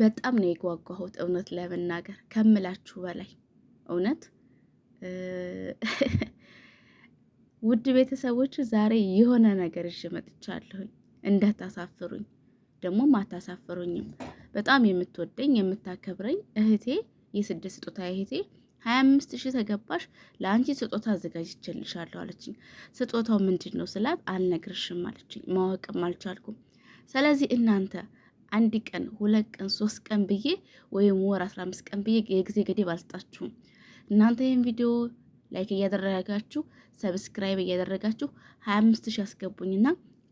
በጣም ነው የጓጓሁት እውነት ለመናገር ከምላችሁ በላይ እውነት። ውድ ቤተሰቦች ዛሬ የሆነ ነገር እዥ መጥቻለሁኝ። እንዳታሳፍሩኝ ደግሞም አታሳፍሩኝም። በጣም የምትወደኝ የምታከብረኝ እህቴ የስድስት ስጦታ እህቴ ሀያ አምስት ሺህ ተገባሽ ለአንቺ ስጦታ አዘጋጅቼልሻለሁ አለችኝ። ስጦታው ምንድን ነው ስላት አልነግርሽም አለችኝ። ማወቅም አልቻልኩም። ስለዚህ እናንተ አንድ ቀን ሁለት ቀን ሶስት ቀን ብዬ ወይም ወር አስራ አምስት ቀን ብዬ የጊዜ ገደብ አልሰጣችሁም። እናንተ ይህን ቪዲዮ ላይክ እያደረጋችሁ ሰብስክራይብ እያደረጋችሁ ሀያ አምስት ሺህ አስገቡኝና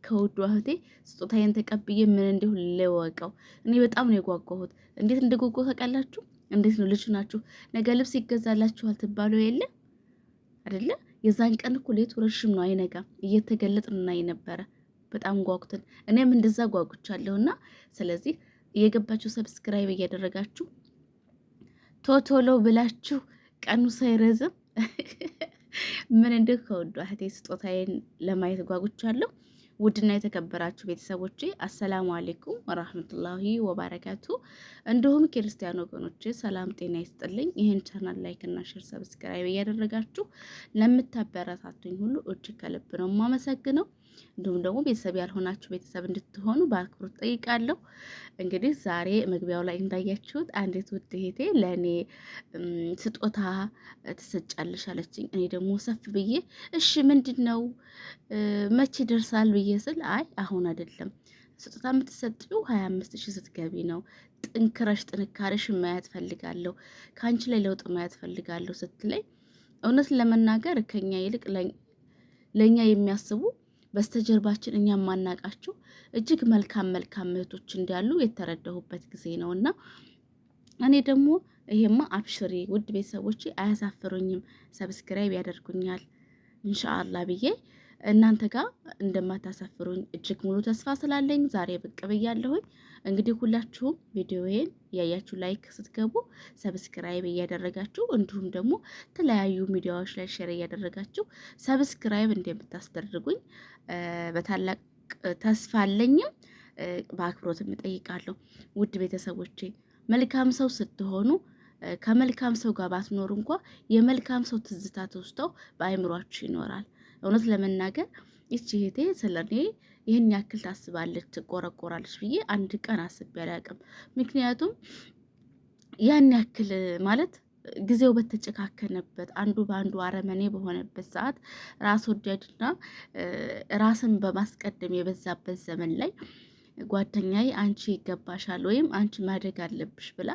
ከውዱ እህቴ ስጦታዬን ተቀብዬ ምን እንዲሁ ልወቀው። እኔ በጣም ነው የጓጓሁት። እንዴት እንደጓጓሁ ታውቃላችሁ? እንዴት ነው ልጅ ናችሁ፣ ነገ ልብስ ይገዛላችኋል ትባሉ የለ አይደለ? የዛን ቀን እኮ ሌቱ ረዥም ነው፣ አይነጋ እየተገለጥ እናይ ነበረ በጣም ጓጉትን እኔም እንደዛ ጓጉቻለሁና፣ ስለዚህ እየገባችሁ ሰብስክራይብ እያደረጋችሁ ቶቶሎ ብላችሁ ቀኑ ሳይረዝም ምን እንደው ከወዱ እህቴ ስጦታዬን ለማየት ጓጉቻለሁ። ውድና የተከበራችሁ ቤተሰቦቼ አሰላሙ አሌይኩም ወራህመቱላሂ ወባረካቱ። እንዲሁም ክርስቲያን ወገኖቼ ሰላም ጤና ይስጥልኝ። ይህን ቻናል ላይክና ሼር ሰብስክራይብ እያደረጋችሁ ለምታበረታቱኝ ሁሉ እጅግ ከልብ ነው የማመሰግነው። እንዲሁም ደግሞ ቤተሰብ ያልሆናችሁ ቤተሰብ እንድትሆኑ በአክብሮት ጠይቃለሁ። እንግዲህ ዛሬ መግቢያው ላይ እንዳያችሁት አንዲት ውድ እህቴ ለእኔ ስጦታ ትሰጫለሽ አለችኝ። እኔ ደግሞ ሰፍ ብዬ እሺ ምንድን ነው መቼ ደርሳል ብዬ ስል አይ አሁን አይደለም ስጦታ የምትሰጪው ሀያ አምስት ሺህ ስትገቢ ነው። ጥንክረሽ ጥንካሬሽ ማየት ፈልጋለሁ፣ ከአንቺ ላይ ለውጥ ማየት ፈልጋለሁ ስትለኝ እውነት ለመናገር ከኛ ይልቅ ለእኛ የሚያስቡ በስተጀርባችን እኛ የማናቃቸው እጅግ መልካም መልካም እህቶች እንዳሉ የተረዳሁበት ጊዜ ነው እና እኔ ደግሞ ይሄማ አብሽሬ ውድ ቤተሰቦች አያሳፍሩኝም፣ ሰብስክራይብ ያደርጉኛል እንሻአላ ብዬ እናንተ ጋር እንደማታሳፍሩኝ እጅግ ሙሉ ተስፋ ስላለኝ ዛሬ ብቅ ብያለሁኝ። እንግዲህ ሁላችሁም ቪዲዮዬን እያያችሁ ላይክ ስትገቡ ሰብስክራይብ እያደረጋችሁ እንዲሁም ደግሞ ተለያዩ ሚዲያዎች ላይ ሼር እያደረጋችሁ ሰብስክራይብ እንደምታስደርጉኝ በታላቅ ተስፋ አለኝም በአክብሮትም እጠይቃለሁ። ውድ ቤተሰቦቼ መልካም ሰው ስትሆኑ ከመልካም ሰው ጋር ባትኖሩ እንኳ የመልካም ሰው ትዝታ ተውስተው በአይምሯችሁ ይኖራል። እውነት ለመናገር ይቺ እህቴ ስለ እኔ ይህን ያክል ታስባለች፣ ትቆረቆራለች ብዬ አንድ ቀን አስቤ አላውቅም። ምክንያቱም ያን ያክል ማለት ጊዜው በተጨካከነበት አንዱ በአንዱ አረመኔ በሆነበት ሰዓት ራስ ወዳድና ራስን በማስቀደም የበዛበት ዘመን ላይ ጓደኛዬ አንቺ ይገባሻል ወይም አንቺ ማደግ አለብሽ ብላ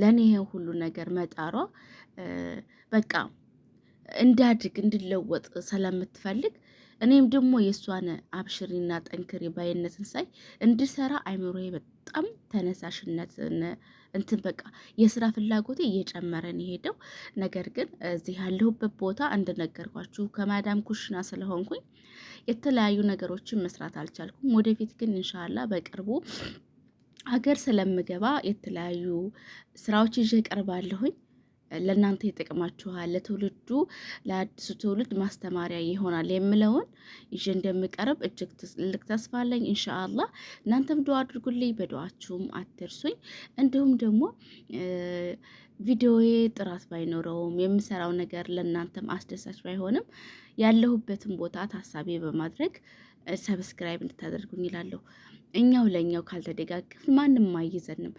ለእኔ ሁሉ ነገር መጣሯ በቃ እንዳድግ እንድለወጥ ስለምትፈልግ እኔም ደግሞ የእሷን አብሽሪና ጠንክሪ ባይነትን ሳይ እንድሰራ አይምሮዬ በጣም ተነሳሽነትን እንትን በቃ የስራ ፍላጎቴ እየጨመረን የሄደው ነገር ግን እዚህ ያለሁበት ቦታ እንደነገርኳችሁ ከማዳም ኩሽና ስለሆንኩኝ የተለያዩ ነገሮችን መስራት አልቻልኩም። ወደፊት ግን እንሻላ በቅርቡ ሀገር ስለምገባ የተለያዩ ስራዎች ይዤ ቀርባለሁኝ። ለእናንተ ይጠቅማችኋል፣ ለትውልዱ ለአዲሱ ትውልድ ማስተማሪያ ይሆናል የምለውን ይዤ እንደምቀርብ እጅግ ትልቅ ተስፋ አለኝ። እንሻአላህ እናንተም ዱዓ አድርጉልኝ፣ በዱዓችሁም አትርሱኝ። እንዲሁም ደግሞ ቪዲዮዬ ጥራት ባይኖረውም የምሰራው ነገር ለእናንተም አስደሳች ባይሆንም ያለሁበትን ቦታ ታሳቢ በማድረግ ሰብስክራይብ እንድታደርጉኝ ይላለሁ። እኛው ለእኛው ካልተደጋገፍ ማንም አይዘንም።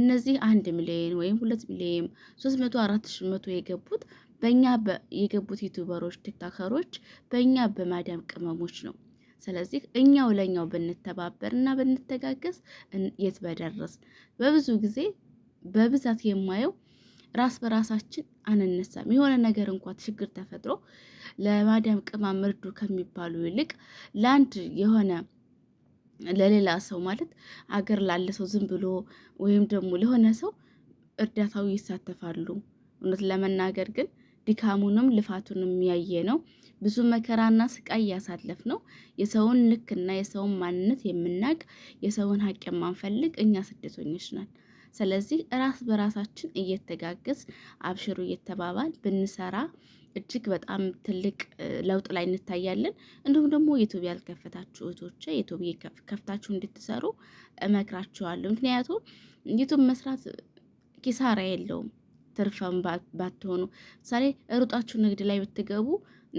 እነዚህ አንድ ሚሊዮን ወይም ሁለት ሚሊዮን ሶስት መቶ አራት መቶ የገቡት በእኛ የገቡት ዩቱበሮች ቲክታከሮች በእኛ በማዳም ቅመሞች ነው። ስለዚህ እኛው ለእኛው ብንተባበር እና ብንተጋገዝ የት በደረስ። በብዙ ጊዜ በብዛት የማየው ራስ በራሳችን አንነሳም። የሆነ ነገር እንኳ ችግር ተፈጥሮ ለማዳም ቅመም እርዱ ከሚባሉ ይልቅ ለአንድ የሆነ ለሌላ ሰው ማለት አገር ላለ ሰው ዝም ብሎ ወይም ደግሞ ለሆነ ሰው እርዳታው ይሳተፋሉ። እውነት ለመናገር ግን ድካሙንም ልፋቱንም ያየ ነው። ብዙ መከራና ስቃይ ያሳለፍ ነው። የሰውን ልክና የሰውን ማንነት የምናቅ የሰውን ሀቅ የማንፈልግ እኛ ስደተኞች ነን። ስለዚህ ራስ በራሳችን እየተጋገዝ አብሽሩ እየተባባል ብንሰራ እጅግ በጣም ትልቅ ለውጥ ላይ እንታያለን። እንዲሁም ደግሞ ዩቱብ ያልከፈታችሁ እህቶቼ ዩቱብ ከፍታችሁ እንድትሰሩ እመክራችኋለሁ። ምክንያቱም ዩቱብ መስራት ኪሳራ የለውም። ትርፋም ባትሆኑ ምሳሌ እሩጣችሁ ንግድ ላይ ብትገቡ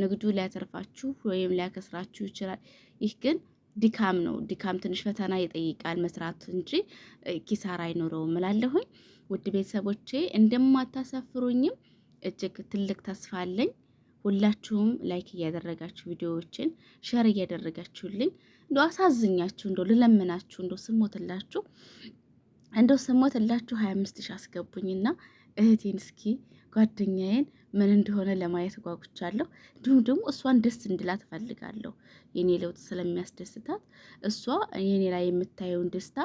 ንግዱ ሊያተርፋችሁ ወይም ሊያከስራችሁ ይችላል። ይህ ግን ድካም ነው። ድካም ትንሽ ፈተና ይጠይቃል መስራት እንጂ ኪሳራ አይኖረውም እላለሁኝ። ውድ ቤተሰቦቼ እንደማታሳፍሩኝም እጅግ ትልቅ ተስፋ አለኝ። ሁላችሁም ላይክ እያደረጋችሁ ቪዲዮዎችን ሸር እያደረጋችሁልኝ እንደ አሳዝኛችሁ እንደ ልለምናችሁ እንደ ስሞትላችሁ እንደው ስሞትላችሁ ሀያ አምስት አስገቡኝ አስገቡኝና እህቴን እስኪ ጓደኛዬን ምን እንደሆነ ለማየት ጓጉቻለሁ። እንዲሁም ደግሞ እሷን ደስ እንድላት እፈልጋለሁ። የኔ ለውጥ ስለሚያስደስታት እሷ የኔ ላይ የምታየውን ደስታ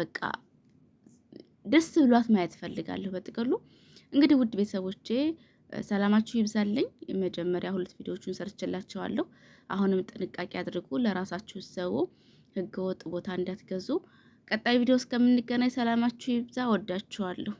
በቃ ደስ ብሏት ማየት እፈልጋለሁ በጥቅሉ እንግዲህ ውድ ቤተሰቦቼ ሰላማችሁ ይብዛልኝ። መጀመሪያ ሁለት ቪዲዮዎቹን ሰርችላቸዋለሁ። አሁንም ጥንቃቄ አድርጉ፣ ለራሳችሁ ሰው ህገወጥ ቦታ እንዳትገዙ። ቀጣይ ቪዲዮ እስከምንገናኝ ሰላማችሁ ይብዛ። ወዳችኋለሁ።